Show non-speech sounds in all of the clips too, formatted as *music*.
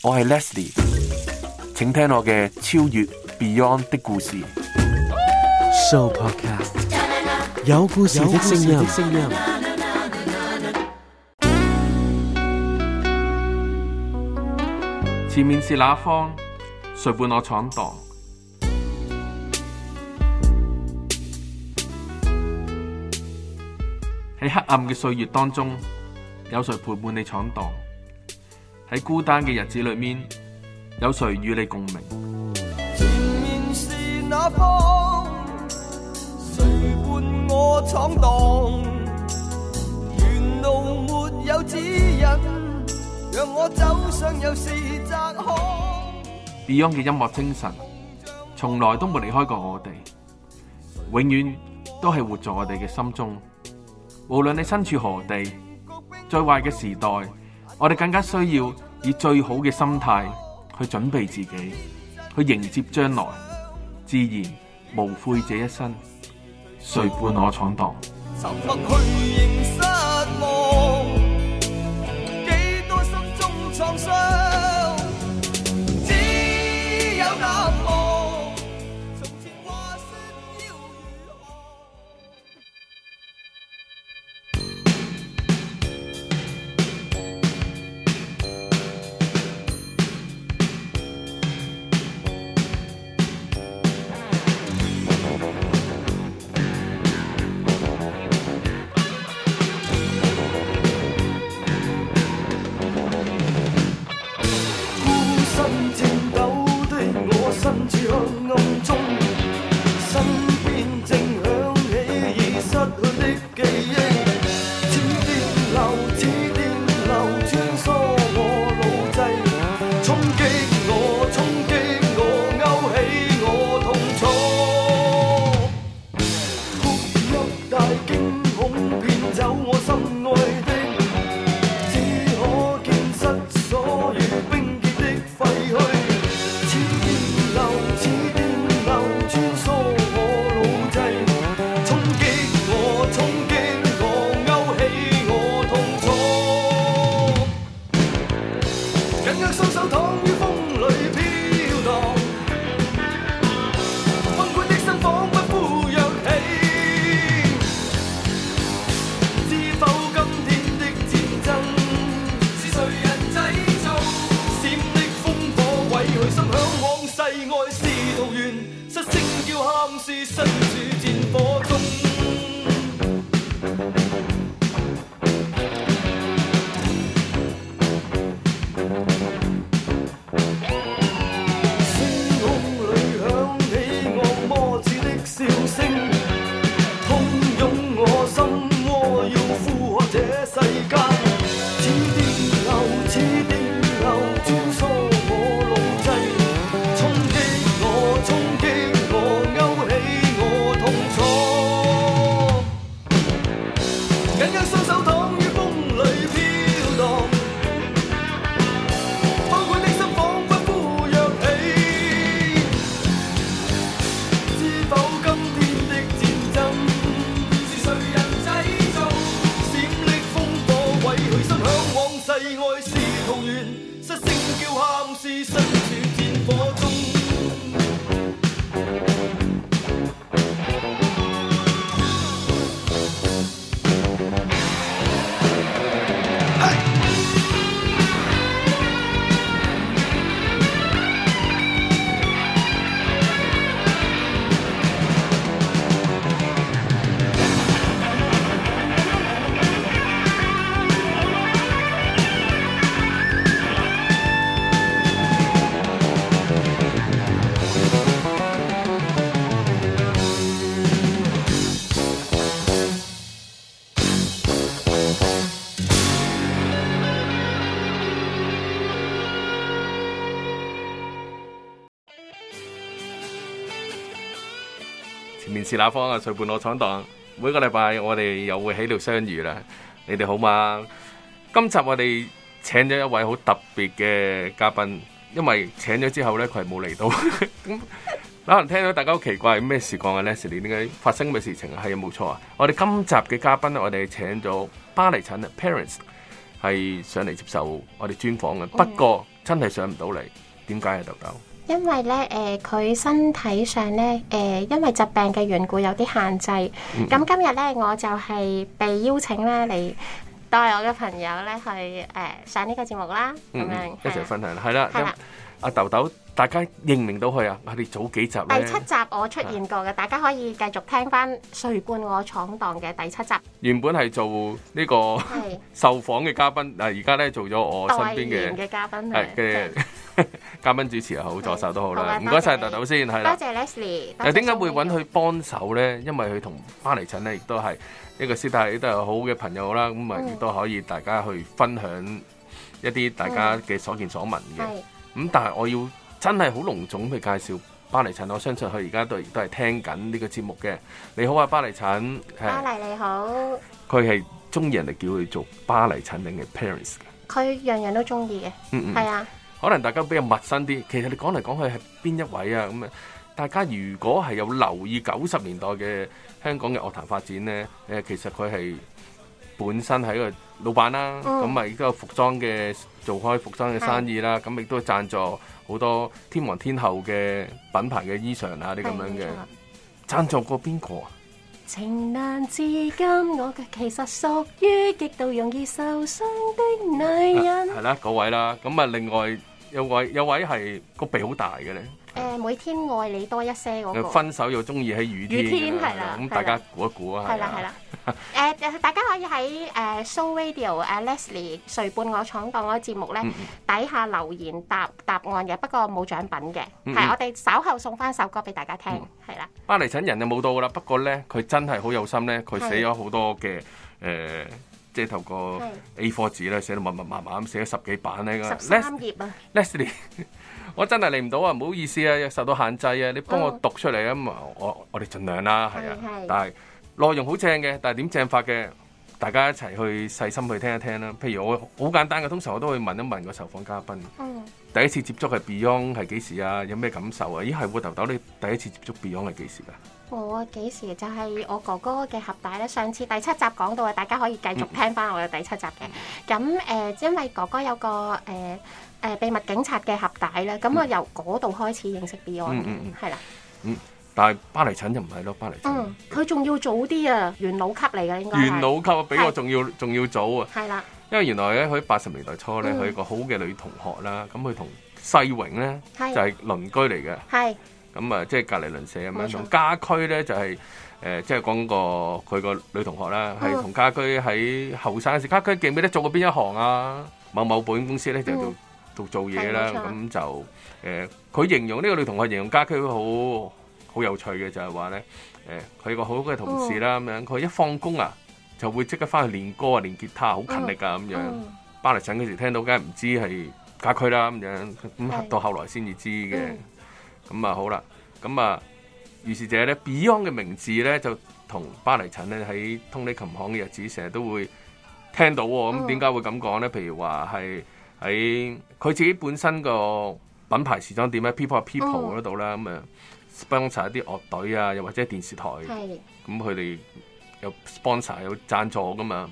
我係 Leslie，請聽我嘅超越 Beyond 的故事。So podcast 有故事的聲音。前面是哪方？誰伴我闖蕩？喺黑暗嘅歲月當中，有誰陪伴你闖蕩？喺孤單嘅日子裏面，有誰與你共鳴？前面是哪方，誰伴我闖蕩？沿路沒有指引，若我走上又是窄巷。Beyond 嘅音樂精神，從來都冇離開過我哋，永遠都係活在我哋嘅心中。無論你身處何地，最壞嘅時代。我哋更加需要以最好嘅心態去準備自己，去迎接將來。自然無悔這一生。誰伴我闖蕩？ *music* 是哪方啊？隨伴我闖蕩，每個禮拜我哋又會喺度相遇啦。你哋好嘛？今集我哋請咗一位好特別嘅嘉賓，因為請咗之後咧，佢係冇嚟到。咁可能聽到大家好奇怪咩事講啊？Leslie 點解發生咁嘅事情啊？係有冇錯啊！我哋今集嘅嘉賓咧，我哋係請咗巴黎城 Parents 係上嚟接受我哋專訪嘅。不過真係上唔到嚟，點解啊，豆豆？因為咧，誒、呃、佢身體上咧，誒、呃、因為疾病嘅緣故有啲限制。咁、嗯、今日咧，我就係被邀請咧，嚟帶我嘅朋友咧去誒、呃、上呢個節目啦。咁、嗯、樣一齊分享啦，係啦、啊。阿豆豆，大家認唔明到佢啊！我哋早幾集咧第七集我出現過嘅，大家可以繼續聽翻《誰伴我闖蕩》嘅第七集。原本係做呢個受訪嘅嘉賓，嗱而家咧做咗我身邊嘅嘉賓嘅嘉賓主持又好，助手都好啦。唔該曬豆豆先，多謝 Leslie。誒點解會揾佢幫手咧？因為佢同巴黎診咧，亦都係呢個師太都係好嘅朋友啦。咁啊，亦都可以大家去分享一啲大家嘅所見所聞嘅。咁但係我要真係好隆重去介紹巴黎陳，我相信佢而家都都係聽緊呢個節目嘅。你好啊，巴黎陳。巴黎，係，你好。佢係中意人哋叫佢做巴黎陳定係 Paris 嘅。佢樣樣都中意嘅。嗯，嗯。係啊。可能大家比較陌生啲，其實你講嚟講去係邊一位啊？咁啊，大家如果係有留意九十年代嘅香港嘅樂壇發展咧，誒，其實佢係本身係個老闆啦，啊，咁咪依家個服裝嘅。做開服裝嘅生意啦，咁亦都贊助好多天王天后嘅品牌嘅衣裳啊，啲咁樣嘅。贊助過邊個啊？情難至今，我嘅其實屬於極度容易受傷的女人。係啦，嗰位啦，咁啊，另外有位有位係個鼻好大嘅咧。誒每天愛你多一些嗰個，分手又中意喺雨天，係啦，咁大家估一估啊，係啦係啦，誒大家可以喺誒 Show Radio 誒 Leslie 誰伴我闖蕩嗰個節目咧底下留言答答案嘅，不過冇獎品嘅，係我哋稍後送翻首歌俾大家聽，係啦。巴黎塵人就冇到啦，不過咧佢真係好有心咧，佢寫咗好多嘅誒，即係透過 A4 紙咧寫到密密麻麻咁寫咗十幾版咧，十三頁啊，Leslie。我真係嚟唔到啊！唔好意思啊，受到限制啊！你幫我讀出嚟吖嘛，我我哋盡量啦，係啊。係係但係內容好正嘅，但係點正法嘅？大家一齊去細心去聽一聽啦。譬如我好簡單嘅，通常我都會問一問個受訪嘉賓。嗯、第一次接觸係 Beyond 係幾時啊？有咩感受啊？咦、哎，係喎，豆豆，你第一次接觸 Beyond 係幾時㗎、啊？我幾時候就係我哥哥嘅盒帶咧，上次第七集講到啊，大家可以繼續聽翻我嘅第七集嘅。咁、嗯、誒、呃，因為哥哥有個誒。呃誒秘密警察嘅盒帶咧，咁我由嗰度開始認識 Beyond，係、嗯、啦、嗯嗯。嗯，但係巴黎診就唔係咯，巴黎診、嗯。佢仲要早啲啊，元老級嚟嘅應該。元老級比我仲要仲要早啊。係啦，因為原來咧，佢八十年代初咧，佢、嗯、一個好嘅女同學啦，咁佢同世榮咧就係、是、鄰居嚟嘅。係。咁啊，即係隔離鄰舍咁樣、就是呃就是。家駒咧就係誒，即係講個佢個女同學啦，係同家駒喺後生嘅時，家駒記唔記得做過邊一行啊？某某保險公司咧就做、嗯。做嘢啦，咁就誒，佢、呃、形容呢、呢個女同學形容家駒好好有趣嘅，就係話咧誒，佢個好嘅同事啦咁、嗯、樣，佢一放工啊就會即刻翻去練歌啊練吉他啊，好勤力㗎咁樣、嗯。巴黎襯嗰時聽到，梗係唔知係家駒啦咁樣，咁到後來先至知嘅。咁、嗯、啊好啦，咁啊於是者咧 Beyond 嘅名字咧就同巴黎襯咧喺通利琴行嘅日子成日都會聽到喎。咁點解會咁講咧？譬如話係。喺佢自己本身個品牌時裝店咧，People People 度啦，咁啊 sponsor 一啲樂隊啊，又或者電視台，咁佢哋有 sponsor 有贊助噶嘛。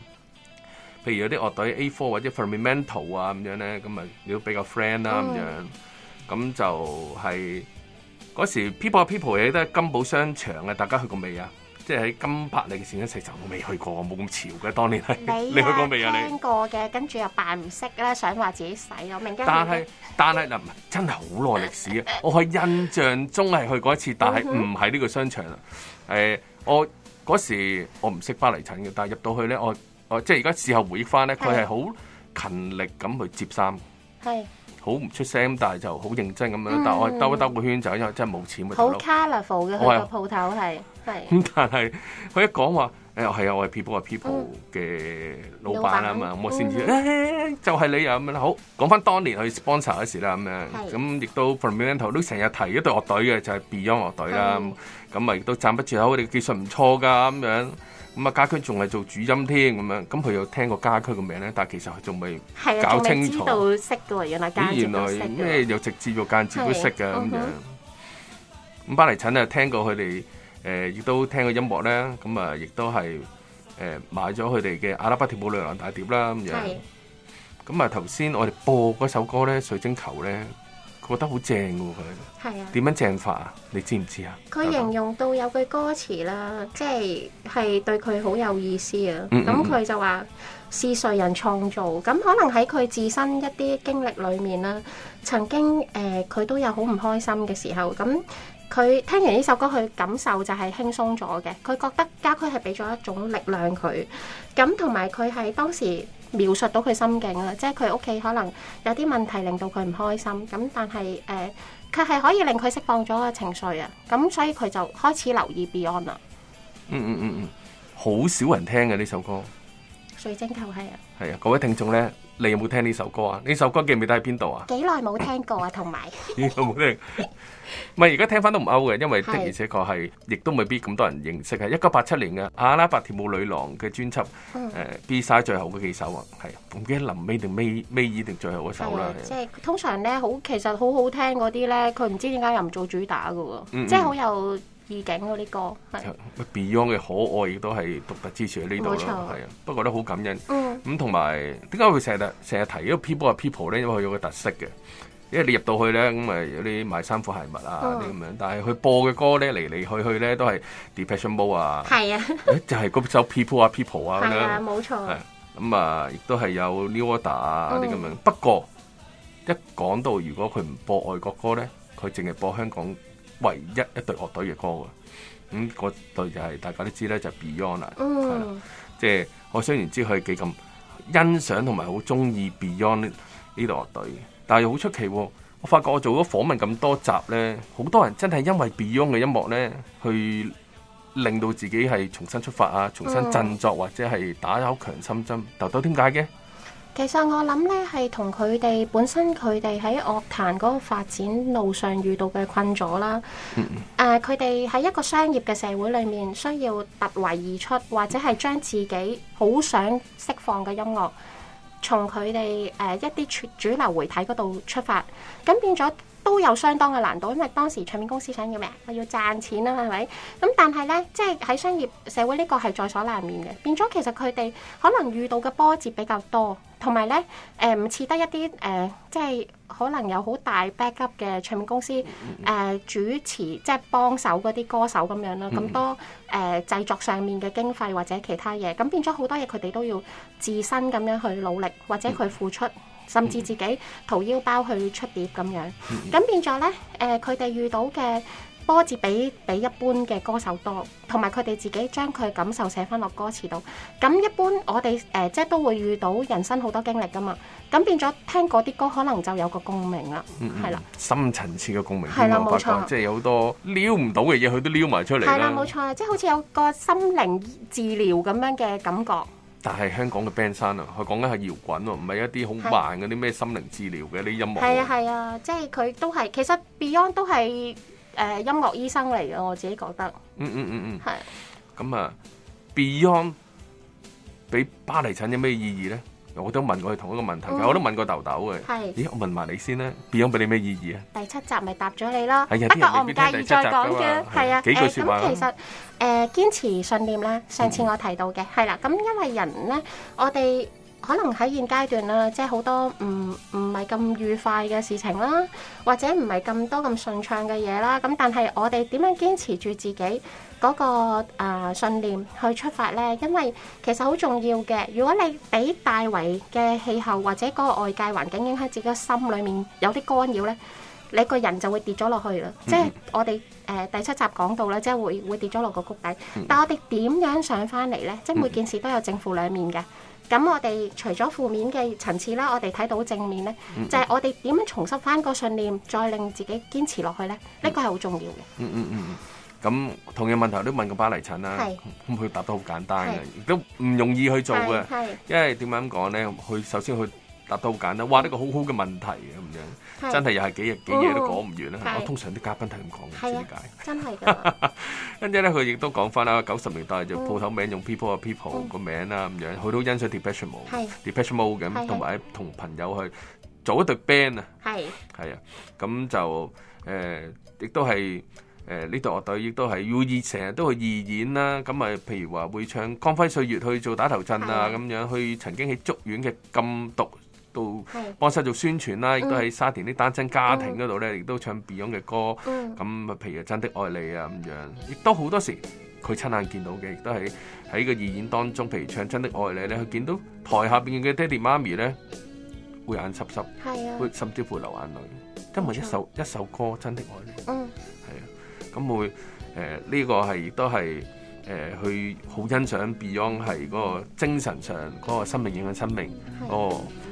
譬如有啲樂隊 A Four 或者 Fundamental 啊咁樣咧，咁啊你都比較 friend 啦咁樣，咁、mm. 就係、是、嗰時 People People 亦都係金寶商場啊，大家去過未啊？即係喺金柏利嘅時，一齊就我未去過，冇咁潮嘅。當年你、啊、你去過未啊？你經過嘅，跟住又扮唔識咧，想話自己洗咯。我明但係但係嗱， *laughs* 真係好耐歷史啊！我喺印象中係去過一次，但係唔係呢個商場啊。誒、嗯欸，我嗰時我唔識巴黎襯嘅，但係入到去咧，我我即係而家事後回憶翻咧，佢係好勤力咁去接衫，係好唔出聲，但係就好認真咁樣、嗯。但我兜一兜個圈就，因為真係冇錢。好 colourful 嘅佢個鋪頭係。咁但係佢一講話，誒係啊，我係 People, people、嗯、的啊 People 嘅老闆啊嘛，咁我先知，就係你啊咁樣。好，講翻當年去 sponsor 嗰時啦咁樣，咁亦都、Premantle、都成日提一對樂隊嘅，就係 Beyond 樂隊啦。咁咪亦都讚不絕口，我哋技術唔錯噶咁樣。咁啊，家駒仲係做主音添咁樣。咁佢又聽過家駒嘅名咧，但係其實佢仲未搞清楚識原來家原來，因又直接又間接都識噶咁、啊嗯、樣。咁巴黎晨啊，聽過佢哋，誒亦都聽過音樂啦，咁啊，亦都係誒買咗佢哋嘅阿拉伯跳舞女郎大碟啦咁樣。咁啊，頭先我哋播嗰首歌咧，水晶球咧，覺得好正嘅喎佢。係啊。點樣正法啊？你知唔知啊？佢形容到有句歌詞啦，即係係對佢好有意思啊。咁、嗯、佢、嗯嗯、就話是誰人創造？咁可能喺佢自身一啲經歷裏面啦，曾經誒佢、呃、都有好唔開心嘅時候咁。佢聽完呢首歌，佢感受就係輕鬆咗嘅。佢覺得家駒係俾咗一種力量佢咁，同埋佢喺當時描述到佢心境啦，即係佢屋企可能有啲問題，令到佢唔開心咁。但係誒，佢、呃、係可以令佢釋放咗個情緒啊。咁所以佢就開始留意 Beyond 啦。嗯嗯嗯嗯，好、嗯、少人聽嘅呢首歌《水晶球》係啊，係啊，各位聽眾呢。你有冇聽呢首歌啊？呢首歌記唔記得喺邊度啊？幾耐冇聽過啊，同埋幾耐冇聽？唔係而家聽翻都唔勾嘅，因為的而且確係，亦都未必咁多人認識。係一九八七年嘅阿拉伯跳舞女郎嘅專輯，誒，B side 最後嘅幾首啊，係唔記得臨尾定尾，尾尾爾定最後嗰首啦，啊。即係通常咧好，其實好好聽嗰啲咧，佢唔知點解又唔做主打嘅喎，即係好有。意境嗰啲歌，嗯、Beyond 嘅可愛亦都係獨特之處喺呢度咯，係啊，不過都好感人。咁同埋點解會成日成日提呢個，因為 People Are People 咧，佢有個特色嘅，因為你入到去咧，咁啊有啲賣衫褲鞋襪啊啲咁樣，但係佢播嘅歌咧嚟嚟去去咧都係 Depeche Mode 啊，係啊，就係、是、嗰首 People Are People 啊，係啊，冇錯，咁啊亦、啊嗯嗯、都係有 New Order 啊啲咁樣。不過一講到如果佢唔播外國歌咧，佢淨係播香港唯一一隊樂隊嘅歌㗎，咁、嗯、嗰隊就係、是、大家都知咧，就是、Beyond 啦、mm.，即係我雖然知佢幾咁欣賞同埋好中意 Beyond 呢呢隊樂隊，但係好出奇，我發覺我做咗訪問咁多集咧，好多人真係因為 Beyond 嘅音樂咧，去令到自己係重新出發啊，重新振作或者係打一口強心針。豆豆點解嘅？其實我諗咧，係同佢哋本身佢哋喺樂壇嗰個發展路上遇到嘅困阻啦。誒，佢哋喺一個商業嘅社會裏面，需要突圍而出，或者係將自己好想釋放嘅音樂，從佢哋誒一啲主流媒體嗰度出發，咁變咗都有相當嘅難度。因為當時唱片公司想要咩？我要賺錢啊嘛，係咪咁？但係咧，即係喺商業社會呢個係在所難免嘅，變咗其實佢哋可能遇到嘅波折比較多。同埋咧，誒、呃、唔似得一啲誒、呃，即係可能有好大 back up 嘅唱片公司誒、mm -hmm. 呃、主持，即係幫手嗰啲歌手咁樣啦。咁、mm -hmm. 多誒、呃、製作上面嘅經費或者其他嘢，咁變咗好多嘢，佢哋都要自身咁樣去努力，或者佢付出，mm -hmm. 甚至自己掏腰包去出碟咁樣。咁變咗咧，誒佢哋遇到嘅。波詞比比一般嘅歌手多，同埋佢哋自己將佢感受寫翻落歌詞度。咁一般我哋誒、呃、即係都會遇到人生好多經歷㗎嘛。咁變咗聽嗰啲歌，可能就有個共鳴啦，係啦、嗯嗯，深層次嘅共鳴，係、嗯、啦，冇錯，即係有好多撩唔到嘅嘢，佢都撩埋出嚟啦，係啦，冇錯，即係好似有個心靈治療咁樣嘅感覺。但係香港嘅 band 山啊，佢講緊係搖滾喎、啊，唔係一啲好慢嗰啲咩心靈治療嘅啲音樂。係啊係啊，即係佢都係其實 Beyond 都係。誒，音樂醫生嚟嘅，我自己覺得。嗯嗯嗯嗯。係。咁啊，Beyond 俾巴黎產有咩意義咧？我都問過佢同一個問題，但係我都問過豆豆嘅。係。咦，我問埋你先咧，Beyond 俾你咩意義啊？第七集咪答咗你咯。係啊。不過我唔介意再講嘅。係啊。幾句說話啦。咁其實，誒，堅持信念咧，上次我提到嘅係啦，咁因為人咧，我哋。可能喺現階段啦，即係好多唔唔係咁愉快嘅事情啦，或者唔係咁多咁順暢嘅嘢啦。咁但係我哋點樣堅持住自己嗰、那個誒、呃、信念去出發咧？因為其實好重要嘅。如果你俾大圍嘅氣候或者嗰個外界環境影響自己心裏面有啲干擾咧，你個人就會跌咗落去啦。即、嗯、係、就是、我哋誒、呃、第七集講到咧，即、就、係、是、會會跌咗落個谷底。嗯、但我哋點樣上翻嚟咧？即、嗯、係、就是、每件事都有正負兩面嘅。咁我哋除咗負面嘅層次啦，我哋睇到正面咧，就係我哋點樣重拾翻個信念，再令自己堅持落去咧，呢個係好重要嘅、嗯。嗯嗯嗯，咁、嗯嗯嗯嗯、同樣問題都問過巴黎陳啦，咁佢答得好簡單嘅，亦都唔容易去做嘅，因為點解咁講咧？佢首先佢答得好簡單，哇！呢、呢個好好嘅問題咁樣真係又係幾日幾夜都講唔完啦、哦！我通常啲嘉賓都係咁講嘅，點解？真係嘅。跟住咧，佢亦都講翻啦，九十年代就鋪頭名、嗯、用 People Are People 個名啦咁樣，佢、嗯、都欣賞 Depeche Mode、Depeche Mode 咁，同埋同朋友去組一隊 band 啊。係係啊，咁就誒亦都係誒呢隊樂隊，亦都係會成日都去義演啦。咁啊，譬如話會唱《光輝歲月》去做打頭陣啊，咁樣去曾經喺竹園嘅禁毒。都幫手做宣傳啦，亦都喺沙田啲單親家庭嗰度咧，亦、嗯、都唱 Beyond 嘅歌。咁、嗯嗯、譬如是《真的愛你》啊，咁樣，亦都好多時佢親眼見到嘅，亦都喺喺個義演當中，譬如是唱《真的愛你》咧，佢見到台下邊嘅爹哋媽咪咧會眼濕濕，會甚至乎流眼淚，今日一首一首歌《真的愛你》。嗯是的，係啊，咁會誒呢個係亦都係誒去好欣賞 Beyond 係嗰個精神上嗰、那個生命影響生命哦。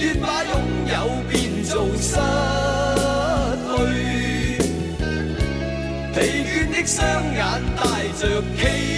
年月把擁有變做失去，疲倦的雙眼帶着期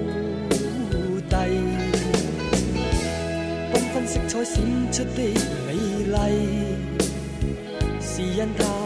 色彩閃出的美麗，是因他。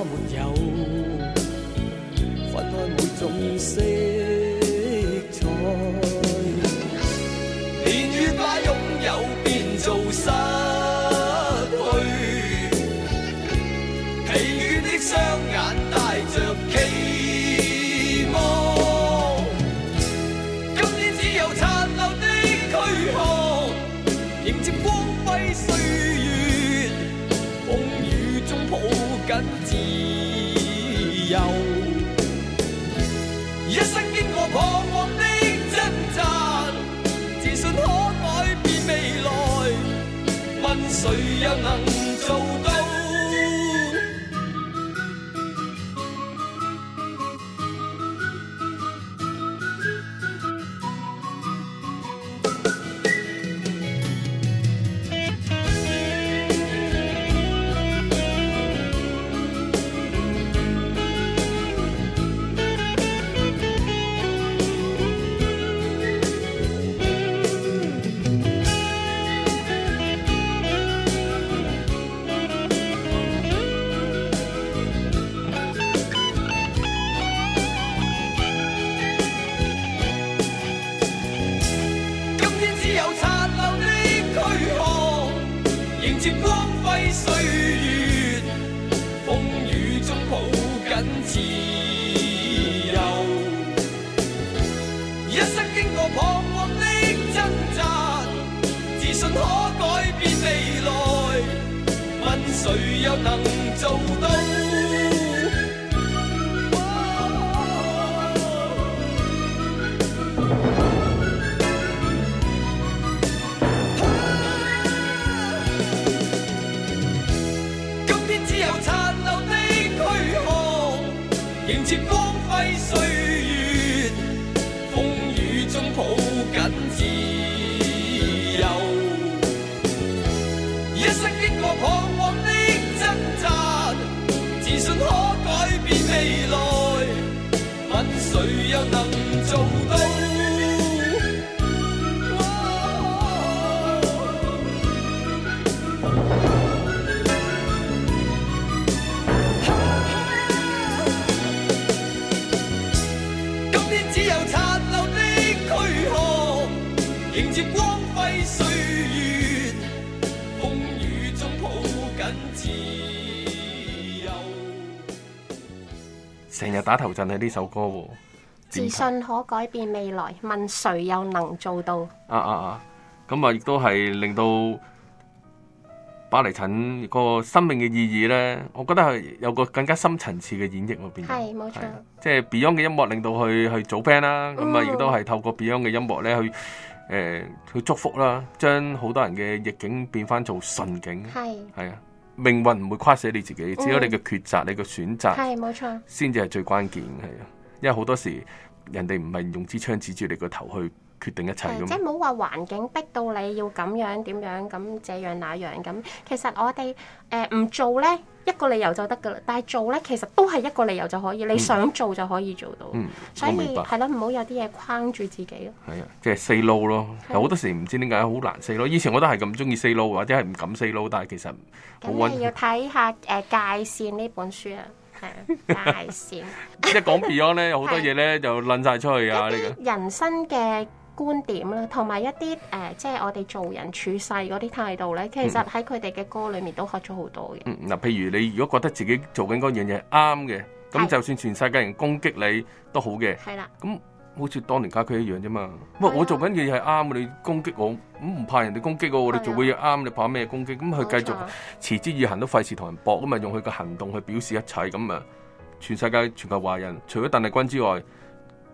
接光輝歲月。成日打頭陣喺呢首歌喎，自信可改變未來，問誰又能做到？啊啊啊！咁啊，亦都係令到巴黎陳個生命嘅意義咧，我覺得係有個更加深層次嘅演繹嗰邊，係冇錯。即係 Beyond 嘅音樂令到佢去組 band 啦，咁啊亦都係透過 Beyond 嘅音樂咧去誒、呃、去祝福啦、啊，將好多人嘅逆境變翻做順境，係係啊。命運唔會跨死你自己，只有你嘅抉擇，你嘅選擇才是先至係最關鍵，因為好多時候人哋唔係用支槍指住你個頭去決定一切，咁，即係冇話環境逼到你要咁樣點樣咁這樣那樣咁。其實我哋誒唔做咧一個理由就得㗎喇。但係做咧其實都係一個理由就可以，你想做就可以做到。嗯、所以係咯，唔好有啲嘢框住自己是、就是、咯。係啊，即係 say no 咯。有好多時唔知點解好難 say no。以前我都係咁中意 say no，或者係唔敢 say no，但係其實咁你要睇下誒、呃、界線呢本書啊，係 *laughs* 啊，界線。即係講 beyond 咧，有好多嘢咧就掄晒出去啊，呢個人生嘅。觀點啦，同埋一啲誒，即、呃、係、就是、我哋做人處世嗰啲態度咧，其實喺佢哋嘅歌裏面都學咗好多嘅、嗯。嗱、嗯，譬、啊、如你如果覺得自己做緊嗰樣嘢啱嘅，咁就算全世界人攻擊你都好嘅，係啦。咁好似當年家駒一樣啫嘛。喂，我做緊嘅嘢係啱，你攻擊我咁唔怕人哋攻擊我，我哋做嘅嘢啱，你怕咩攻擊？咁佢繼續持之以恆，都費事同人搏，咁嘛，用佢嘅行動去表示一切。咁啊，全世界全球華人，除咗鄧麗君之外，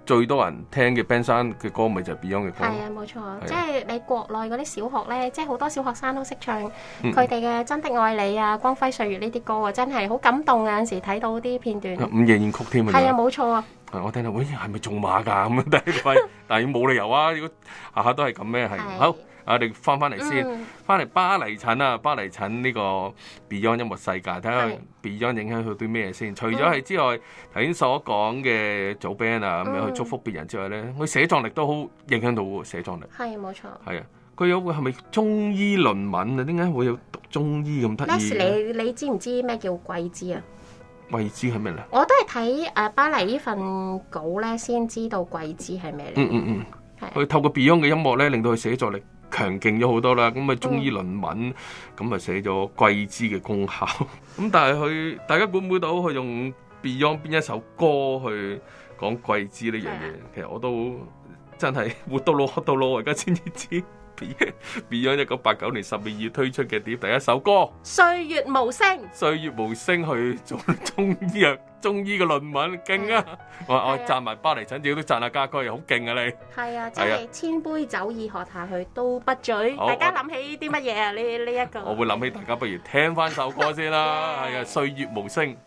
最多人聽嘅 band 嘅歌，咪就係 Beyond 嘅歌。係啊，冇錯，啊、即係你國內嗰啲小學咧，即係好多小學生都識唱佢哋嘅《真的愛你》啊，《光輝歲月》呢啲歌啊，真係好感動啊！有時睇到啲片段，午夜怨曲添啊。係啊，冇錯啊。我聽到，咦、哎，係咪仲馬㗎咁樣？但係 *laughs* 但係冇理由啊，如果下下都係咁咩？係好。我哋翻翻嚟先，翻嚟巴黎診啊，巴黎診呢個 Beyond 音樂世界，睇下 Beyond 影響佢啲咩先。除咗係之外，頭先、嗯、所講嘅組 band 啊，咁樣去祝福別人之外咧，佢寫作力都好影響到寫作力。係冇錯。係啊，佢有個係咪中醫論文啊？點解會有讀中醫咁得意？你你知唔知咩叫桂枝啊？桂枝係咩咧？我都係睇誒巴黎呢份稿咧，先知道桂枝係咩嚟。嗯嗯嗯，係、嗯。佢、啊、透過 Beyond 嘅音樂咧，令到佢寫作力。強勁咗好多啦，咁咪中醫論文咁咪寫咗桂枝嘅功效，咁、嗯、 *laughs* 但係佢大家估唔估到佢用 Beyond 邊一首歌去講桂枝呢樣嘢？其實我都真係活到老學到老，我而家先至知道。Beyond 一九八九年十二月推出嘅碟，第一首歌《歲月無聲》，歲月無聲去做中醫啊， *laughs* 中醫嘅論文勁啊、嗯、啊！我我贊埋巴黎診所都贊下家駒，好勁啊你！係啊，即、就、係、是、千杯酒意喝下去都不醉。大家諗起啲乜嘢啊？呢呢一個 *laughs* 我會諗起，大家不如聽翻首歌先啦。係、 *laughs* yeah. 啊，歲月無聲。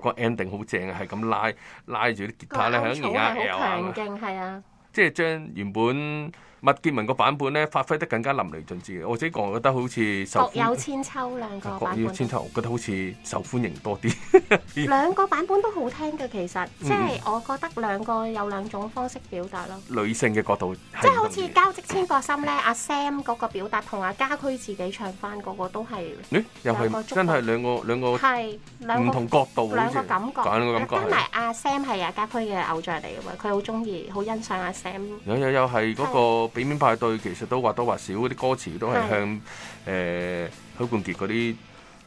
個 ending 好正啊，係咁拉拉住啲吉他咧，喺而家係啊！即係將原本。麥潔文個版本咧，發揮得更加淋漓盡致嘅。我自己個人覺得好似受，各有千秋兩個版本。各有千秋，我覺得好似受歡迎多啲。兩個版本都好聽嘅，其實即係我覺得兩個有兩種方式表達咯。女性嘅角度，即係好似交織千個心咧。阿 Sam 嗰個表達同阿家駒自己唱返，個個都係，又係真係兩個兩個，係兩個唔同角度，兩個感覺，兩個感覺。跟住阿 Sam 係阿家駒嘅偶像嚟嘅喎，佢好中意，好欣賞阿 Sam。又又又係嗰個。俾面派對，其實都或多或少嗰啲歌詞都係向誒、啊呃、許冠傑嗰啲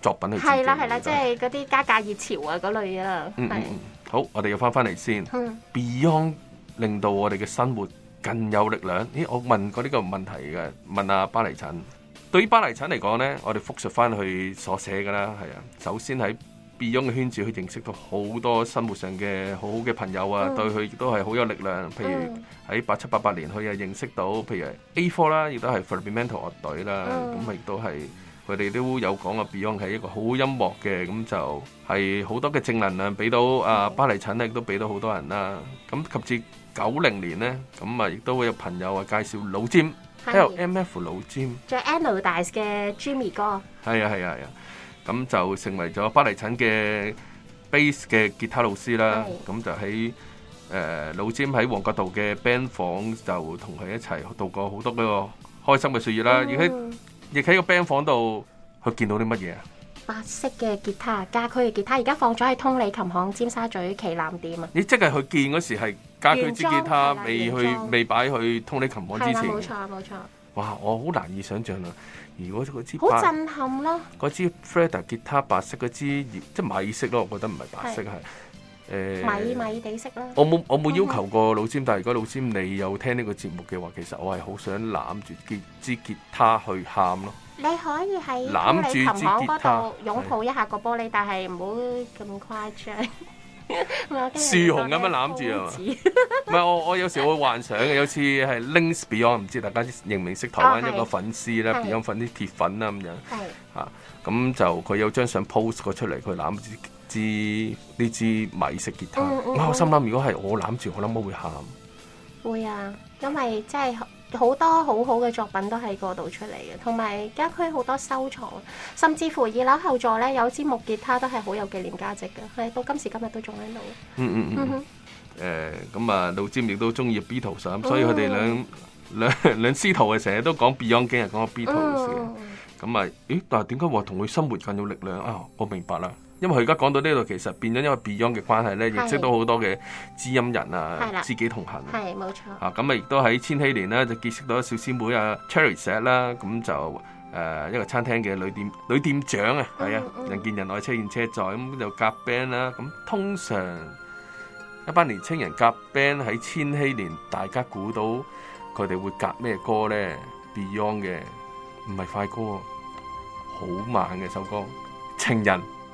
作品去致敬。係啦係啦，即係嗰啲加價熱潮啊嗰類是啊。嗯，嗯好，我哋又翻翻嚟先、嗯。Beyond 令到我哋嘅生活更有力量。咦，我問過呢個問題嘅，問阿巴黎診。對於巴黎診嚟講咧，我哋復述翻佢所寫嘅啦，係啊，首先喺。Beyond 嘅圈子佢認識到好多生活上嘅好好嘅朋友啊、嗯，對佢亦都係好有力量。譬如喺八七八八年，佢又認識到，譬如 A Four 啦，亦都係 Fundamental 樂隊啦，咁亦都係佢哋都有講啊。Beyond 係一個好音樂嘅，咁就係、是、好多嘅正能量俾到啊！巴黎產亦都俾到好多人啦。咁及至九零年呢，咁啊亦都會有朋友啊介紹老尖，即係 LMF 老尖，即係 Analys 嘅 Jimmy 哥。係啊係啊係啊！咁就成為咗巴黎襯嘅 bass 嘅吉他老師啦。咁就喺誒老詹喺旺角道嘅 band 房就同佢一齊度過好多嗰個開心嘅歲月啦。而喺而喺個 band 房度去見到啲乜嘢啊？白色嘅吉他，家區嘅吉他而家放咗喺通利琴行尖沙咀旗艦店啊！你即係佢見嗰時係家區支吉他未去未擺去通利琴行之前？冇錯冇錯。哇！我好難以想像啊！如果嗰支好震撼咯，嗰支 Fender 吉他白色嗰支，即係米色咯，我覺得唔係白色係，誒米米地色啦。我冇我冇要求過老尖、嗯，但係如果老尖你有聽呢個節目嘅話，其實我係好想攬住嗰支吉他去喊咯。你可以係攬住支吉他，抱吉他擁抱一下個玻璃，但係唔好咁誇張。 *laughs* 樹熊咁樣攬住係嘛？唔係我我，我有時會幻想嘅，有次係 Links Beyond，我唔知大家認唔認識台灣一個粉絲咧、哦、，Beyond 粉、啲鐵粉啦咁樣。係啊，咁就佢有張相 post 過出嚟，佢攬住支呢支米色吉他。嗯嗯嗯、我心諗如果係我攬住，我諗我會喊。會啊，因為真係。很多很好多好好嘅作品都喺嗰度出嚟嘅，同埋家俱好多收藏，甚至乎二樓後座咧有支木吉他都係好有紀念價值嘅，係到今時今日都仲喺度。嗯嗯嗯。誒、嗯，咁、欸、啊，老詹亦都中意 Beatles，咁所以佢哋兩、嗯、兩兩師徒啊、嗯嗯嗯，成日都講 Beyond 嘅，講 Beatles 嘅。咁啊，咦？但係點解話同佢生活更有力量啊？我明白啦。因為佢而家講到呢度，其實變咗因為 Beyond 嘅關係咧，認識到好多嘅知音人啊，知己同行、啊。係冇錯。啊，咁咪亦都喺千禧年咧就結識到小師妹啊，Cherish 啦，咁、啊啊、就誒、呃、一個餐廳嘅女店女店長啊，係、嗯嗯、啊，人見人愛，車見車載，咁、嗯、就夾 band 啦。咁、啊、通常一班年青人夾 band 喺千禧年，大家估到佢哋會夾咩歌咧？Beyond 嘅唔係快歌，好慢嘅首歌《情人》。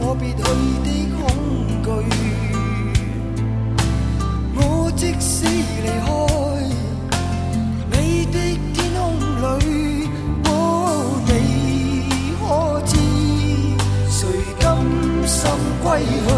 我別去的恐懼，我即使離開你的天空裡，你可知誰甘心歸去？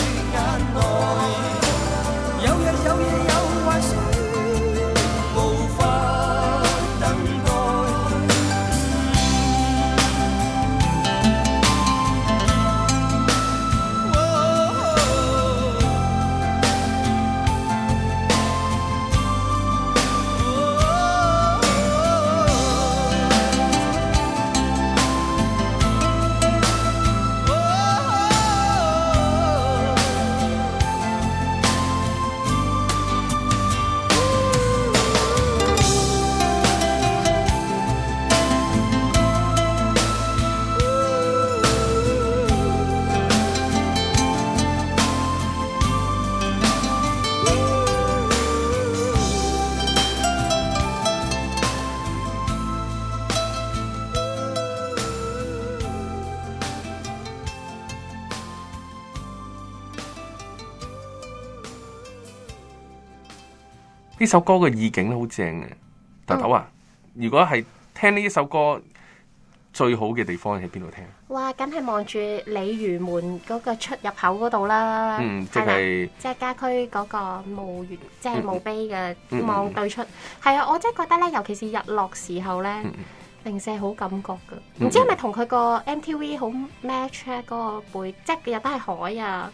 首歌嘅意境都好正嘅、啊，豆豆啊、嗯，如果係聽呢一首歌最好嘅地方喺邊度聽？哇，梗係望住鯉魚門嗰個出入口嗰度啦，係即係家居嗰個墓園，即係墓、就是、碑嘅、嗯、望對出，係、嗯、啊、嗯嗯，我真係覺得咧，尤其是日落嘅時候咧，零舍好感覺噶，唔、嗯嗯、知係咪同佢個 MTV 好 match 嗰、啊那個背，即係日都係海啊。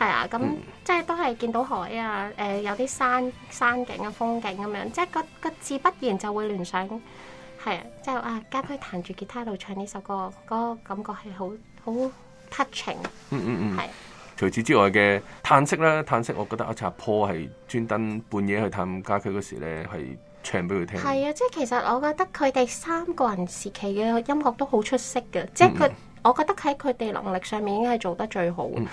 係啊，咁即係都係見到海啊，誒有啲山山景啊、風景咁樣，即係個個字不然就會聯想。係啊，即係啊，家駒彈住吉他度唱呢首歌，嗰、嗰個感覺係好好 touching。嗯嗯嗯，係、啊。除此之外嘅嘆息啦，嘆息，我覺得阿茶坡係專登半夜去探家駒嗰時咧，係唱俾佢聽。係啊，即係其實我覺得佢哋三個人時期嘅音樂都好出色嘅，嗯嗯即係佢，我覺得喺佢哋能力上面已經係做得最好的。嗯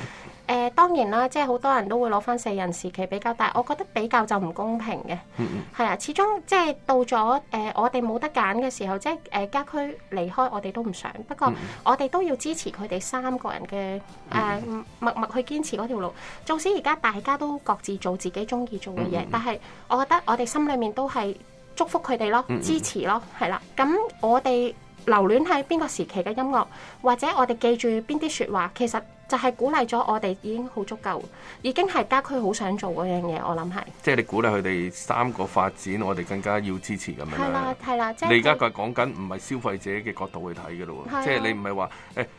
嗯當然啦，即係好多人都會攞返四人時期比較大，我覺得比較就唔公平嘅，係、嗯嗯、啊，始終即係到咗誒、呃，我哋冇得揀嘅時候，即係誒家駒離開我哋都唔想，不過我哋都要支持佢哋三個人嘅誒默默去堅持嗰條路。縱使而家大家都各自做自己鍾意做嘅嘢，嗯嗯但係我覺得我哋心裡面都係祝福佢哋咯，嗯嗯支持咯，係啦、啊。咁我哋留戀喺邊個時期嘅音樂，或者我哋記住邊啲説話，其實。就係、是、鼓勵咗我哋已經好足夠，已經係家區好想做嗰樣嘢，我諗係。即係你鼓勵佢哋三個發展，我哋更加要支持咁樣。係啦。即係你而家佢講講緊唔係消費者嘅角度去睇㗎咯喎，即係你唔係話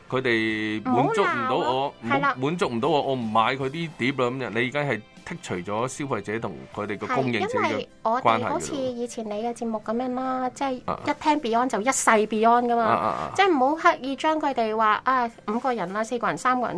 佢哋滿足唔到我滿，滿足唔到我，我唔買佢啲碟咁樣。你而家係剔除咗消費者同佢哋嘅供應者嘅關係，因為我哋好似以前你嘅節目咁樣啦，即、啊、係、就是、一聽 Beyond 就一世 Beyond 噶、啊、嘛，即係唔好刻意將佢哋話啊五個人啦、四個人、三個人。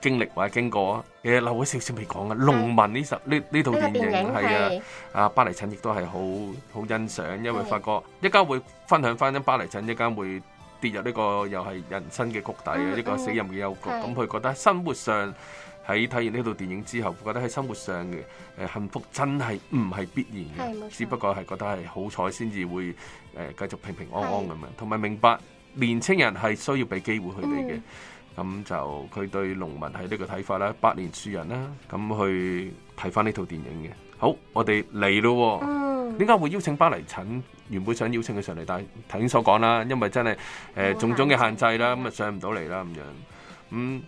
經歷或者經過啊，其實留佢少少未講嘅農民呢，呢套電影係啊，阿巴黎陳亦都係好好欣賞，因為發覺一家會分享翻咧，巴黎陳一家會跌入呢個又係人生嘅谷底嘅呢、嗯、個死蔭嘅幽谷，咁、嗯、佢覺得生活上喺睇完呢套電影之後，佢覺得喺生活上嘅幸福真係唔係必然嘅，只不過係覺得係好彩先至會誒繼續平平安安咁樣，同埋明白年青人係需要俾機會佢哋嘅。嗯咁就佢對農民係呢個睇法啦，百年樹人啦，咁去睇翻呢套電影嘅。好，我哋嚟咯。喎。點解會邀請巴黎陳？原本想邀請佢上嚟，但頭先所講啦，因為真係誒、呃、種種嘅限制啦，咁啊上唔到嚟啦咁樣、嗯。咁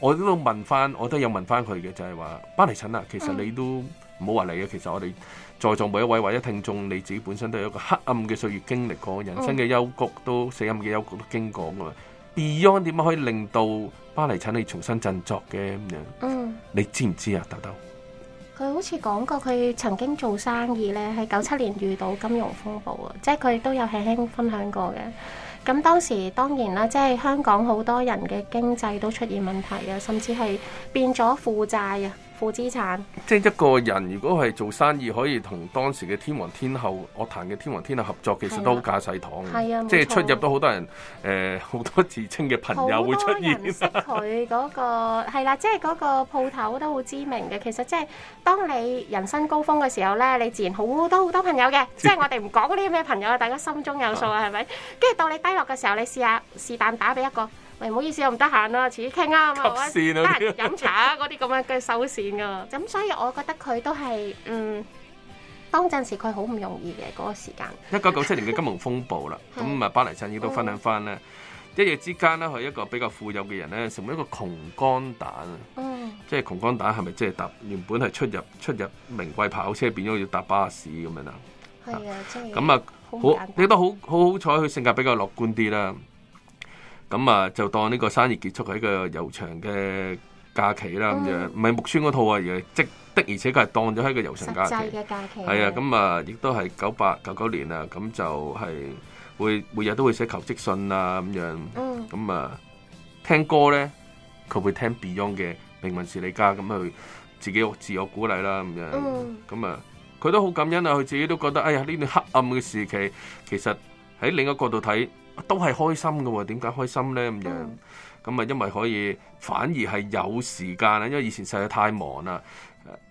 我都問翻，我都有問翻佢嘅，就係話巴黎陳啊，其實你都唔好話嚟嘅。其實我哋在座每一位或者聽眾，你自己本身都有一個黑暗嘅歲月經歷過，人生嘅幽谷都死蔭嘅幽谷都經過㗎嘛。Beyond 點樣可以令到巴黎產地重新振作嘅咁樣？嗯，你知唔知啊？豆豆佢好似講過，佢曾經做生意咧，喺九七年遇到金融風暴啊，即係佢都有輕輕分享過嘅。咁當時當然啦，即係香港好多人嘅經濟都出現問題啊，甚至係變咗負債啊。負資產，即係一個人如果係做生意，可以同當時嘅天王天后樂壇嘅天王天后合作，其實都好架勢堂即係，啊、出入都好多人。誒，好多自稱嘅朋友會出現。好多人識佢嗰個係啦，即係嗰個店鋪頭都好知名嘅。其實即係當你人生高峰嘅時候呢，你自然好多好多朋友嘅。即係我哋唔講啲咩朋友啊，大家心中有數啦，啊，係咪？跟住到你低落嘅時候，你試下是但打俾一個。喂，唔好意思，我唔得閒啦，遲啲傾啊嘛。吸線啊，飲茶嗰啲咁樣嘅收線啊。咁所以我覺得佢都係，嗯，當陣時佢好唔容易嘅嗰、嗰個時間。一九九七年嘅金融風暴啦，咁 *laughs* 啊，巴黎親亦都分享翻咧、嗯，一夜之間咧，佢一個比較富有嘅人咧，成為一個窮光蛋啊。嗯。即係窮光蛋係咪即係搭原本係出入出入名貴跑車，變咗要搭巴士咁樣啊。係啊，即係。咁啊，好你都好好好彩，佢性格比較樂觀啲啦。咁啊，就當呢個生意結束喺一個悠長嘅假期啦、嗯，咁樣唔係木村嗰套啊，而係即的，的，而且佢係當咗喺個悠長假期。實際嘅假期。係啊，咁啊，亦都係九八九九年啦，咁就係會每日都會寫求職信啊，咁樣。嗯。咁啊，聽歌咧，佢會聽 Beyond 嘅《命運是你家》，咁去自己自我鼓勵啦，咁樣。嗯。咁啊，佢都好感恩啊！佢自己都覺得，哎呀，呢段黑暗嘅時期，其實喺另一個角度睇。都係開心嘅喎，點解開心呢？咁樣，咁啊，因為可以反而係有時間啦，因為以前實在太忙啦。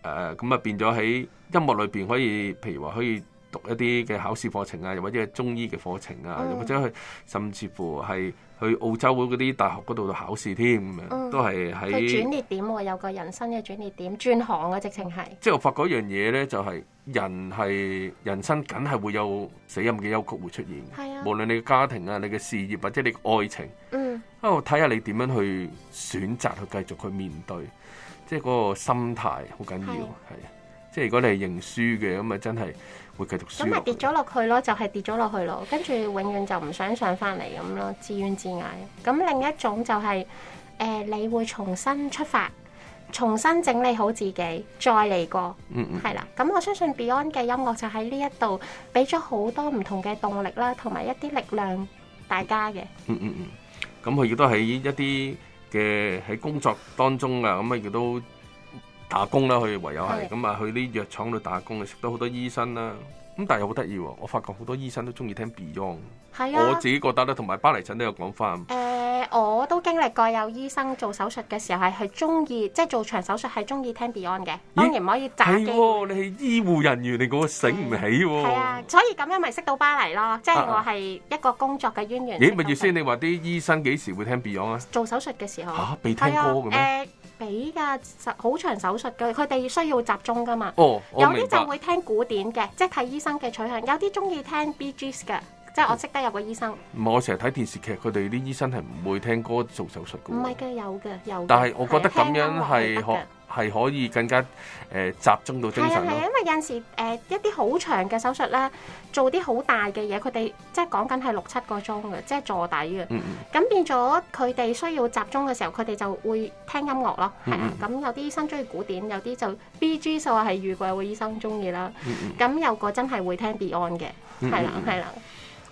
誒咁啊，變咗喺音樂裏邊可以，譬如話可以讀一啲嘅考試課程啊，又或者係中醫嘅課程啊，又或者係甚至乎係。去澳洲嗰嗰啲大學嗰度考試添、嗯，都係喺轉捩點、啊，我有個人生嘅轉捩點，轉行嘅直情係。即係我發覺一樣嘢咧，就係、是、人係人生梗係會有死人嘅憂曲會出現嘅、啊，無論你嘅家庭啊、你嘅事業或、啊、者你嘅愛情。嗯，啊，我睇下你點樣去選擇去繼續去面對，即嗰個心態好緊要，啊，啊，啊，即如果你係認輸嘅，咁啊真係。咁咪跌咗落去咯，就係跌咗落去咯，跟住永遠就唔想上返嚟咁咯，自怨自艾。咁另一種就係誒，你會重新出發，重新整理好自己，再嚟過。嗯嗯，係啦。咁我相信 Beyond 嘅音樂就喺呢一度俾咗好多唔同嘅動力啦，同埋一啲力量大家嘅。嗯嗯嗯，咁佢亦都喺一啲嘅喺工作當中啊，咁啊佢亦都。打工啦，佢唯有係咁啊，去啲藥廠度打工啊，識到好多醫生啦。咁但係好得意，我發覺好多醫生都中意聽 Beyond。係啊。我自己覺得咧，同埋巴黎診都有講翻。誒，我都經歷過有醫生做手術嘅時候，係係中意即係做長手術係中意聽 Beyond 嘅。當然唔可以。係喎，你係醫護人員，你嗰個醒唔起喎。係啊，所以咁樣咪識到巴黎咯。即係我係一個工作嘅淵源。咦？咪要先？你話啲醫生幾時會聽 Beyond 啊？做手術嘅時候。吓，未聽歌嘅咩？比較好長手術嘅，佢哋需要集中噶嘛。哦，有啲就會聽古典嘅，即係睇醫生嘅取向。有啲中意聽 BGS 嘅，即、嗯、係、即係、我識得有個醫生。唔係，我成日睇電視劇，佢哋啲醫生係唔會聽歌做手術嘅。唔係嘅，有嘅有嘅。但係我覺得咁樣係學。學係可以更加誒、呃、集中到精神咯。啊，因為有陣時誒、呃、一啲好長嘅手術咧，做啲好大嘅嘢，佢哋即係講緊係六七個鐘嘅，即係坐底嘅。嗯咁、嗯、變咗佢哋需要集中嘅時候，佢哋就會聽音樂咯。嗯嗯的。咁有啲醫生中意古典，有啲就 B G 數係預計會醫生中意啦。嗯咁、嗯、有個真係會聽 Beyond 嘅，係啦係啦。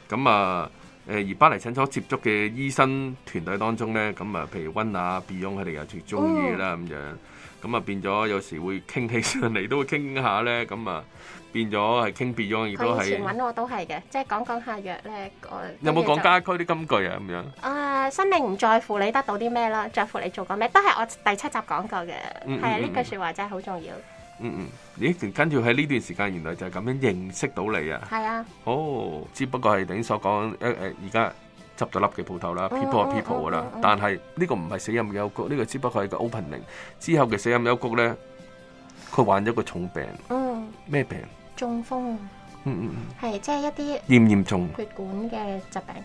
咁啊誒，而巴黎診所接觸嘅醫生團隊當中咧，咁啊，譬如温啊 Beyond，佢哋又最中意啦，咁、嗯、樣。咁啊變咗有時會傾起上嚟都會傾下咧，咁啊變咗係傾別咗亦都係。揾我都係嘅，即係講講下約咧個。有冇講家居啲金句啊？咁樣啊，生命唔在乎你得到啲咩咯，在乎你做過咩，都係我第七集講過嘅，係啊，呢句說話真係好重要。嗯嗯，咦？跟住喺呢段時間原來就係咁樣認識到你啊？係啊。哦，只不過係等於所講誒誒，而家。執咗笠嘅鋪頭啦，People 啊 People 噶、嗯、啦、嗯嗯嗯，但係呢個唔係死音憂谷，呢、這個只不過係個 opening 之後嘅死音憂谷咧，佢患咗個重病。嗯，咩病？中風。嗯嗯，係，即係一啲嚴唔嚴重？血管嘅疾病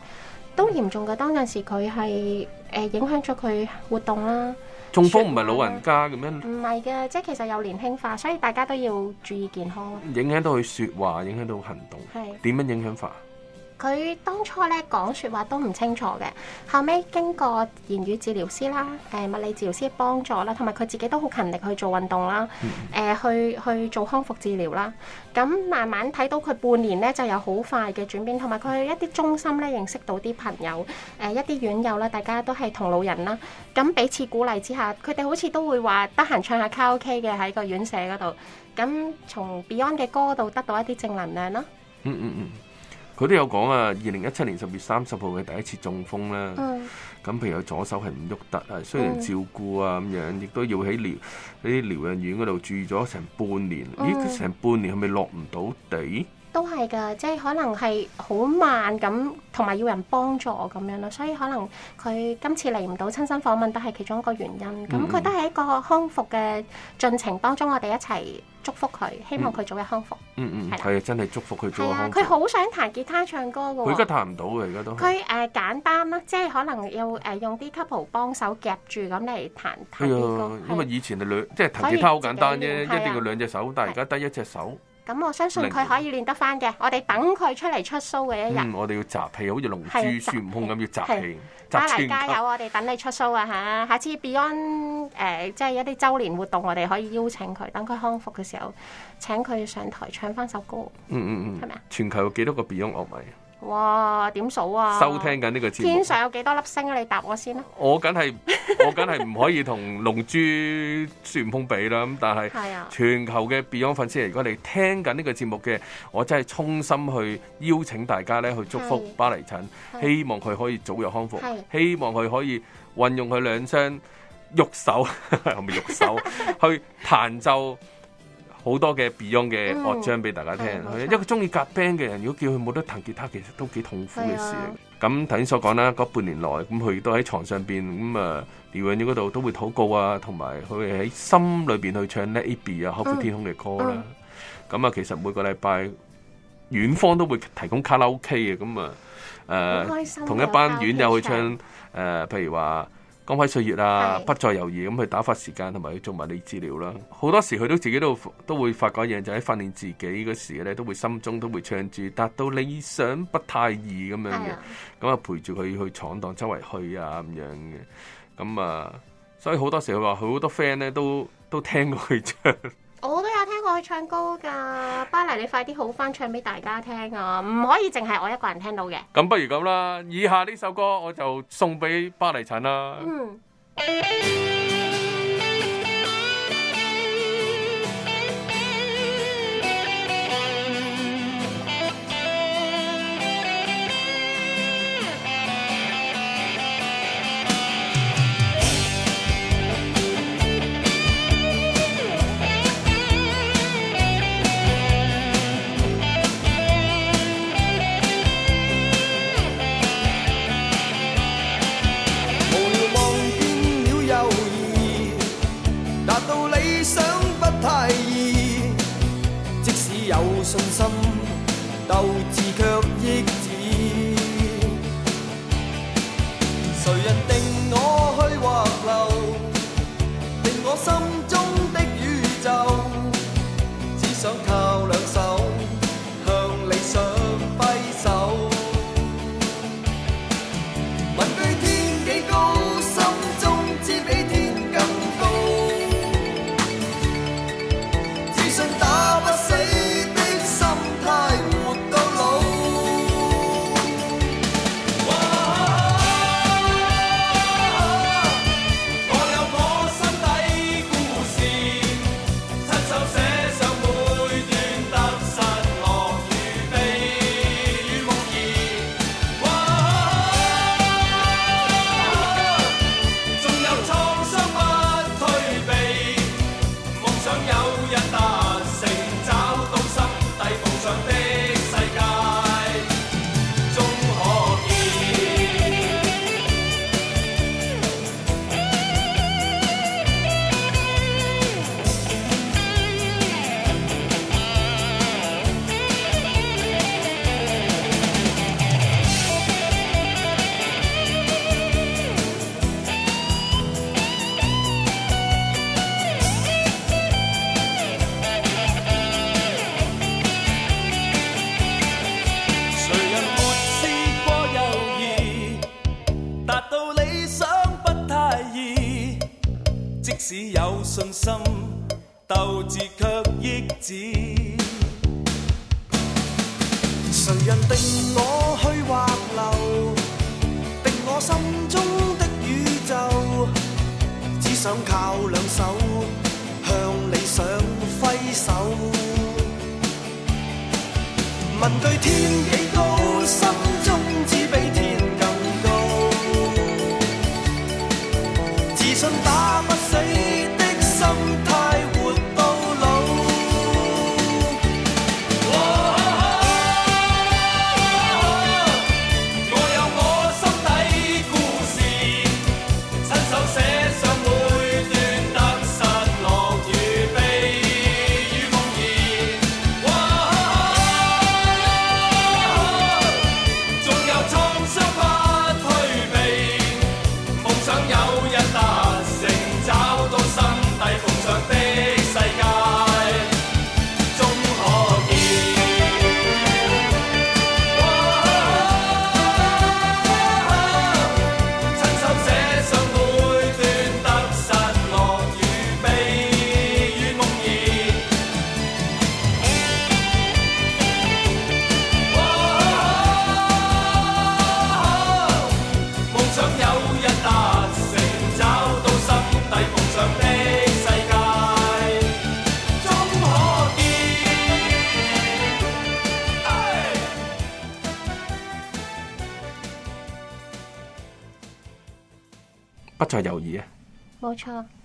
都嚴重嘅，當陣時佢係誒，影響咗佢活動啦。中風唔係老人家噉樣？唔係嘅，即係其實又年輕化，所以大家都要注意健康。影響到佢說話，影響到行動，係點樣影響法？佢當初咧講説話都唔清楚嘅，後尾經過言語治療師啦、誒物理治療師幫助啦，同埋佢自己都好勤力去做運動啦， *laughs* 誒去去做康復治療啦。咁慢慢睇到佢半年咧就有好快嘅轉變，同埋佢一啲中心咧認識到啲朋友，誒一啲院友啦，大家都係同路人啦，咁彼此鼓勵之下，佢哋好似都會話得閒唱一下卡拉 OK 嘅喺個院舍嗰度，咁從 Beyond 嘅歌度得到一啲正能量咯。嗯嗯嗯。佢都有講啊，二零一七年十月三十號嘅第一次中風啦，啊，咁、嗯、譬如有左手係唔喐得啊，雖然照顧啊咁、嗯、樣，亦都要喺啲療養院嗰度住咗成半年，嗯、咦？成半年係咪落唔到地？都係噶，即係可能係好慢咁，同埋要人幫助咁樣咯，所以可能佢今次嚟唔到親身訪問，都係其中一個原因。咁、嗯、佢都喺一個康復嘅進程當中，我哋一齊祝福佢、嗯，希望佢早日康復。嗯嗯，係，真係祝福佢。係，佢好想彈吉他唱歌噶、哦。佢而家彈唔到嘅，而家都。佢誒、呃、簡單啦，即係可能要誒用啲 couple 幫手夾住咁嚟彈彈啲歌。因為以前係兩，即係彈吉他好簡單啫，一定要兩隻手，係但係而家得一隻手。咁我相信佢可以練得翻嘅、嗯，我哋等佢出嚟出 show 嘅一日。我哋要集氣，好似龍珠孫悟空咁要集氣。巴黎加油，我哋等你出 show 啊嚇！下次 Beyond 誒、呃，即係一啲周年活動，我哋可以邀請佢，等佢康復嘅時候請佢上台唱翻首歌。嗯嗯嗯，係咪啊？全球有幾多個 Beyond 樂迷？哇，點數啊！收聽緊呢個節目，天上有幾多粒星？你答我先啦。我梗係，我梗係唔可以同龍珠、孫悟空比啦。咁但係，全球嘅 Beyond 粉絲嚟講，你聽緊呢個節目嘅，我真係衷心去邀請大家咧去祝福巴黎陳，希望佢可以早日康復，希望佢可以運用佢兩雙玉手，唔係玉手，去彈奏。好多嘅 Beyond 嘅樂章俾、嗯、大家聽，嗯、一個中意夾 band 嘅人、嗯，如果叫佢冇得彈吉他，其實都幾痛苦嘅事。咁頭先所講啦，嗰半年來，咁佢都喺床上邊，咁啊，療、呃、養院嗰度都會禱告啊，同埋佢喺心裏邊去唱 Nabby、嗯《Let It Be》啊，《海闊天空》嘅歌啦。咁、嗯、啊，其實每個禮拜院方都會提供卡拉 OK 嘅，咁啊，誒、呃，同一班、OK、院友去唱，誒、呃，譬如話。光輝歲月啊，不再猶豫咁去打發時間，同埋去做物理治療啦。好多時佢都自己都都會發覺一樣就喺訓練自己嘅時咧，都會心中都會唱住達到理想不太易咁樣嘅。咁啊，陪住佢去闖蕩周圍去啊咁樣嘅。咁啊，所以好多時佢話佢好多 friend 咧都都聽過佢唱。我都有聽過佢唱歌噶，巴黎你快啲好返唱俾大家聽啊！唔可以淨係我一個人聽到嘅。咁不如咁啦，以下呢首歌我就送俾巴黎陳啦。嗯。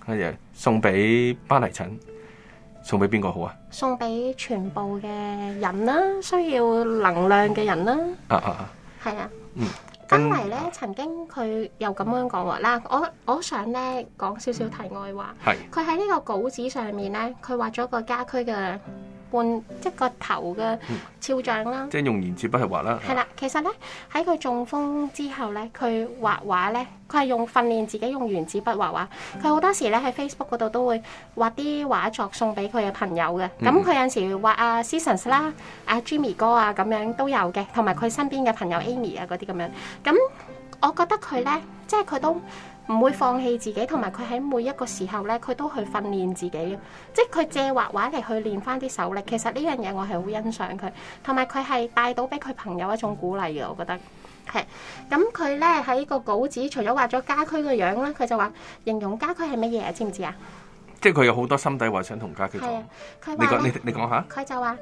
係啊，送俾巴黎陳，送俾邊個好啊？送俾全部嘅人啦、啊，需要能量嘅人啦、啊。啊啊啊！係啊，嗯，巴黎咧曾經佢又咁樣講話啦、啊，我我想咧講少少題外話，係佢喺呢個稿紙上面咧，佢畫咗個家居嘅。換一個頭嘅肖像啦，嗯、即係用原子筆去畫啦。係啦，其實咧喺佢中風之後咧，佢畫畫咧，佢係用訓練自己用原子筆畫畫。佢好多時咧喺 Facebook 嗰度都會畫啲畫作送俾佢嘅朋友嘅。咁、嗯、佢有陣時畫阿 Stephen 啦，阿、啊、Jimmy 哥啊，咁樣都有嘅，同埋佢身邊嘅朋友 Amy 啊，嗰啲咁樣。咁我覺得佢咧，即係佢都。唔會放棄自己，同埋佢喺每一個時候呢，佢都去訓練自己。即係佢借畫畫嚟去練翻啲手力。其實呢樣嘢我係好欣賞佢，同埋佢係帶到俾佢朋友一種鼓勵嘅，我覺得係。咁佢呢喺個稿紙，除咗畫咗家俱個樣啦，佢就話形容家俱係乜嘢？知唔知啊？即係佢有好多心底話想同家駒講，你講你你講下。佢就話：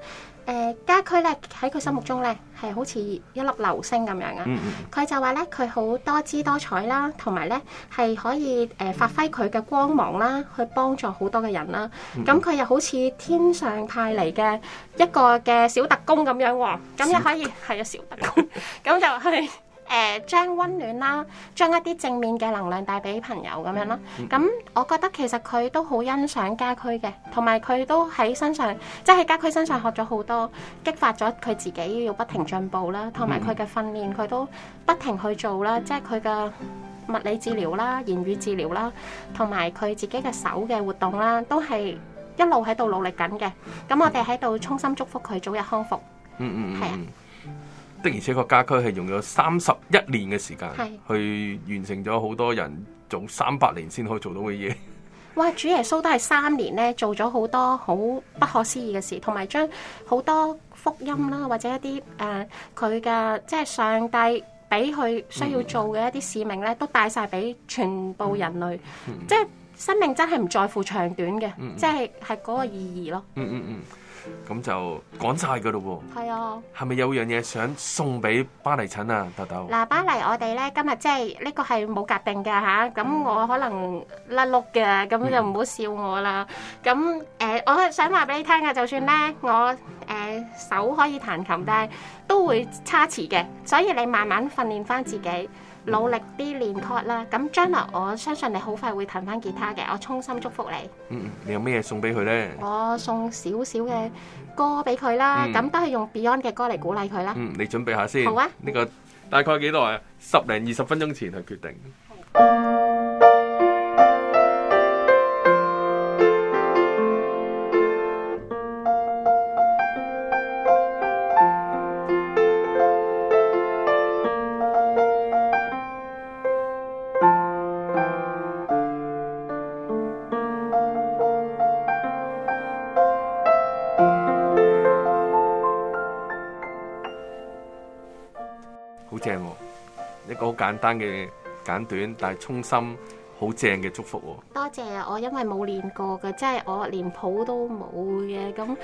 誒，家駒咧喺佢心目中咧係好似一粒流星咁樣啊！佢就話咧佢好多姿多彩啦，同埋咧係可以誒發揮佢嘅光芒啦，去幫助好多嘅人啦。咁佢又好似天上派嚟嘅一個嘅小特工咁樣喎，咁又可以係啊小特工，咁就係。誒，將溫暖啦，將一啲正面嘅能量帶俾朋友咁樣啦。咁我覺得其實佢都好欣賞家駒嘅，同埋佢都喺身上，即係喺家駒身上學咗好多，激發咗佢自己要不停進步啦。同埋佢嘅訓練，佢都不停去做啦。即係佢嘅物理治療啦、言語治療啦，同埋佢自己嘅手嘅活動啦，都係一路喺度努力緊嘅。咁我哋喺度衷心祝福佢早日康復。嗯嗯嗯，係啊。的而且確，家區係用咗三十一年嘅時間，去完成咗好多人做三百年先可以做到嘅嘢。哇！主耶穌都係三年咧，做咗好多好不可思議嘅事，同埋將好多福音啦、嗯，或者一啲誒佢嘅即係上帝俾佢需要做嘅一啲使命咧，都帶晒俾全部人類。即、嗯、係、嗯就是、生命真係唔在乎長短嘅，即係係嗰個意義咯。嗯嗯嗯。嗯。咁就講晒噶咯喎，係啊，係咪有樣嘢想送俾巴黎診啊？豆豆，嗱，巴黎我哋咧今日即係呢個係冇夾定嘅吓，咁、啊、我可能甩碌嘅，咁就唔好笑我啦。咁誒、呃，我想話俾你聽啊，就算咧我誒、呃、手可以彈琴，但係都會差詞嘅，所以你慢慢訓練翻自己。努力啲練 code 啦，咁將來我相信你好快會彈翻吉他嘅，我衷心祝福你。嗯，你有咩嘢送俾佢呢？我送少少嘅歌俾佢啦，咁、嗯、都係用 Beyond 嘅歌嚟鼓勵佢啦。嗯，你準備一下先。好啊。呢、呢個大概幾耐啊？十零二十分鐘前去決定。單嘅簡短，但係衷心好正嘅祝福喎。多謝啊！我因為冇練過嘅，即係我連譜都冇嘅，咁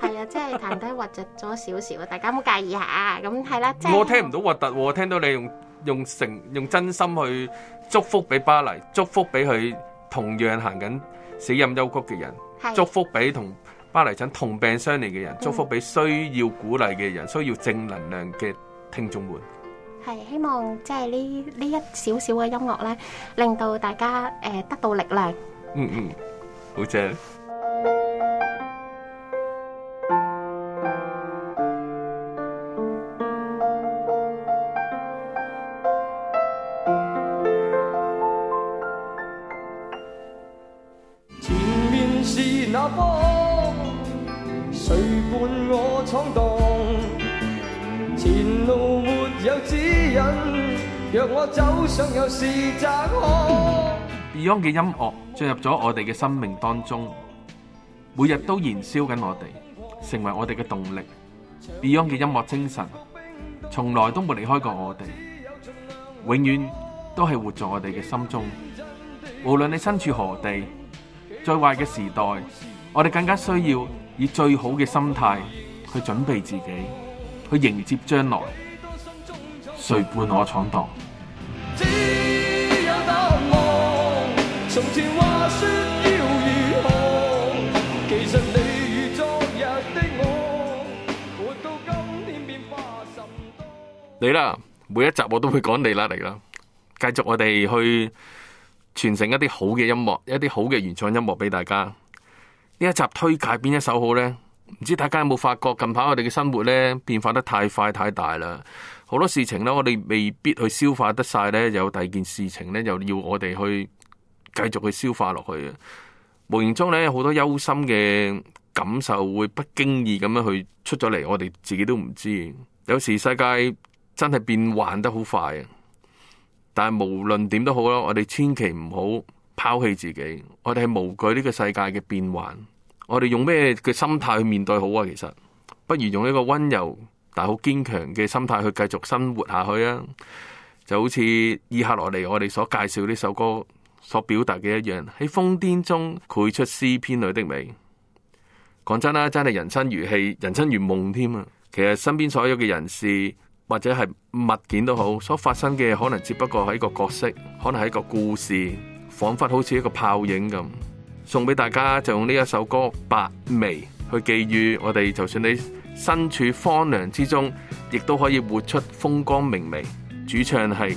係啊，即係彈得核突咗少少，大家唔好介意下。咁係啦，即係我聽唔到核突，聽到你用用誠用真心去祝福俾巴黎，祝福俾佢同樣行緊死蔭幽谷嘅人，祝福俾同巴黎診同病相憐嘅人，祝福俾需要鼓勵嘅人，需要正能量嘅聽眾們。係希望即係呢呢一少少嘅音樂咧，令到大家誒、呃、得到力量。嗯嗯，好正。Beyond 嘅音樂進入咗我哋嘅生命當中，每日都燃燒緊我哋，成為我哋嘅動力。Beyond 嘅音樂精神，從來都冇離開過我哋，永遠都係活在我哋嘅心中。無論你身處何地，最壞嘅時代，我哋更加需要以最好嘅心態去準備自己，去迎接將來。誰伴我闖蕩？從前話說要如何，其實你與昨日的我，活到今天變化甚多。嚟啦，每一集我都會講你啦，嚟啦，繼續我哋去傳承一啲好嘅音樂，一啲好嘅原創音樂俾大家。呢一集推介邊一首好呢？唔知大家有冇發覺近排我哋嘅生活呢變化得太快太大啦，好多事情呢，我哋未必去消化得晒呢。有第二件事情呢，又要我哋去。繼續去消化落去嘅，無形中咧，好多憂心嘅感受會不經意咁樣去出咗嚟，我哋自己都唔知。有時世界真係變幻得好快啊！但係無論點都好啦，我哋千祈唔好拋棄自己。我哋係無懼呢個世界嘅變幻。我哋用咩嘅心態去面對好啊？其實不如用一個溫柔但係好堅強嘅心態去繼續生活下去啊！就好似以下落嚟，我哋所介紹呢首歌。所表達嘅一樣喺瘋癲中繪出詩篇裏的美。講真啦，真係人生如戲，人生如夢添啊！其實身邊所有嘅人事或者係物件都好，所發生嘅可能只不過係一個角色，可能係一個故事，仿佛好似一個泡影咁。送俾大家就用呢一首歌《白眉》去寄語我哋，就算你身處荒涼之中，亦都可以活出風光明媚。主唱係。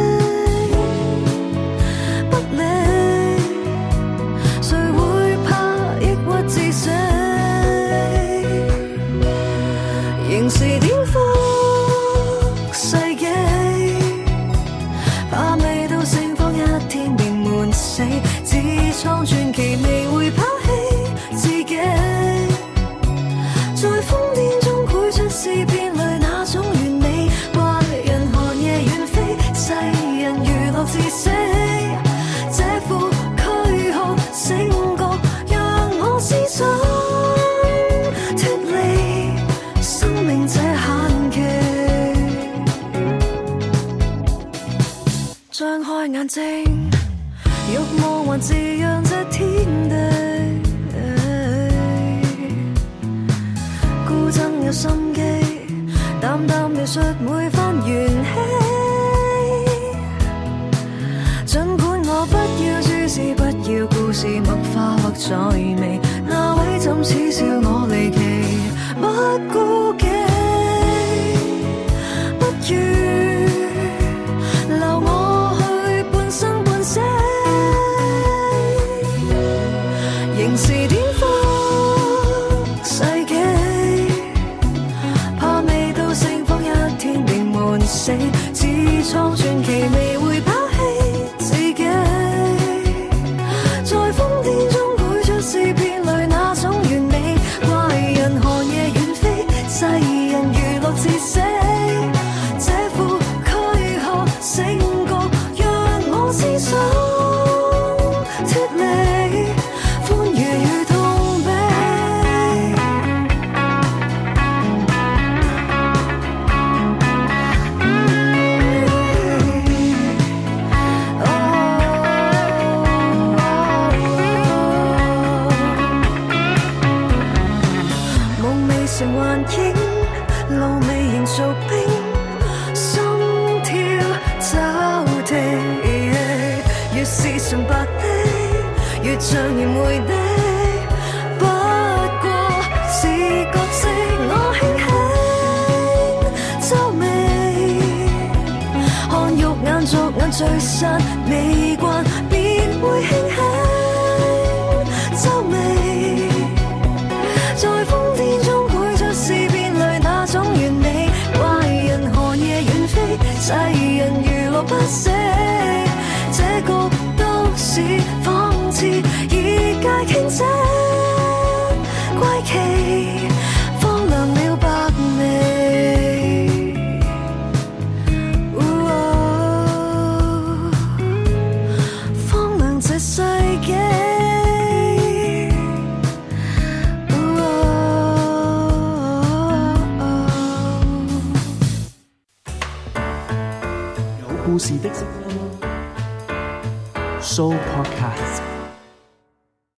自讓這天地，哎、孤僧有心機，淡淡描述每番元氣。盡管我不要蛛絲，不要故事，墨花或再美，那位怎恥笑我？死，自創傳奇。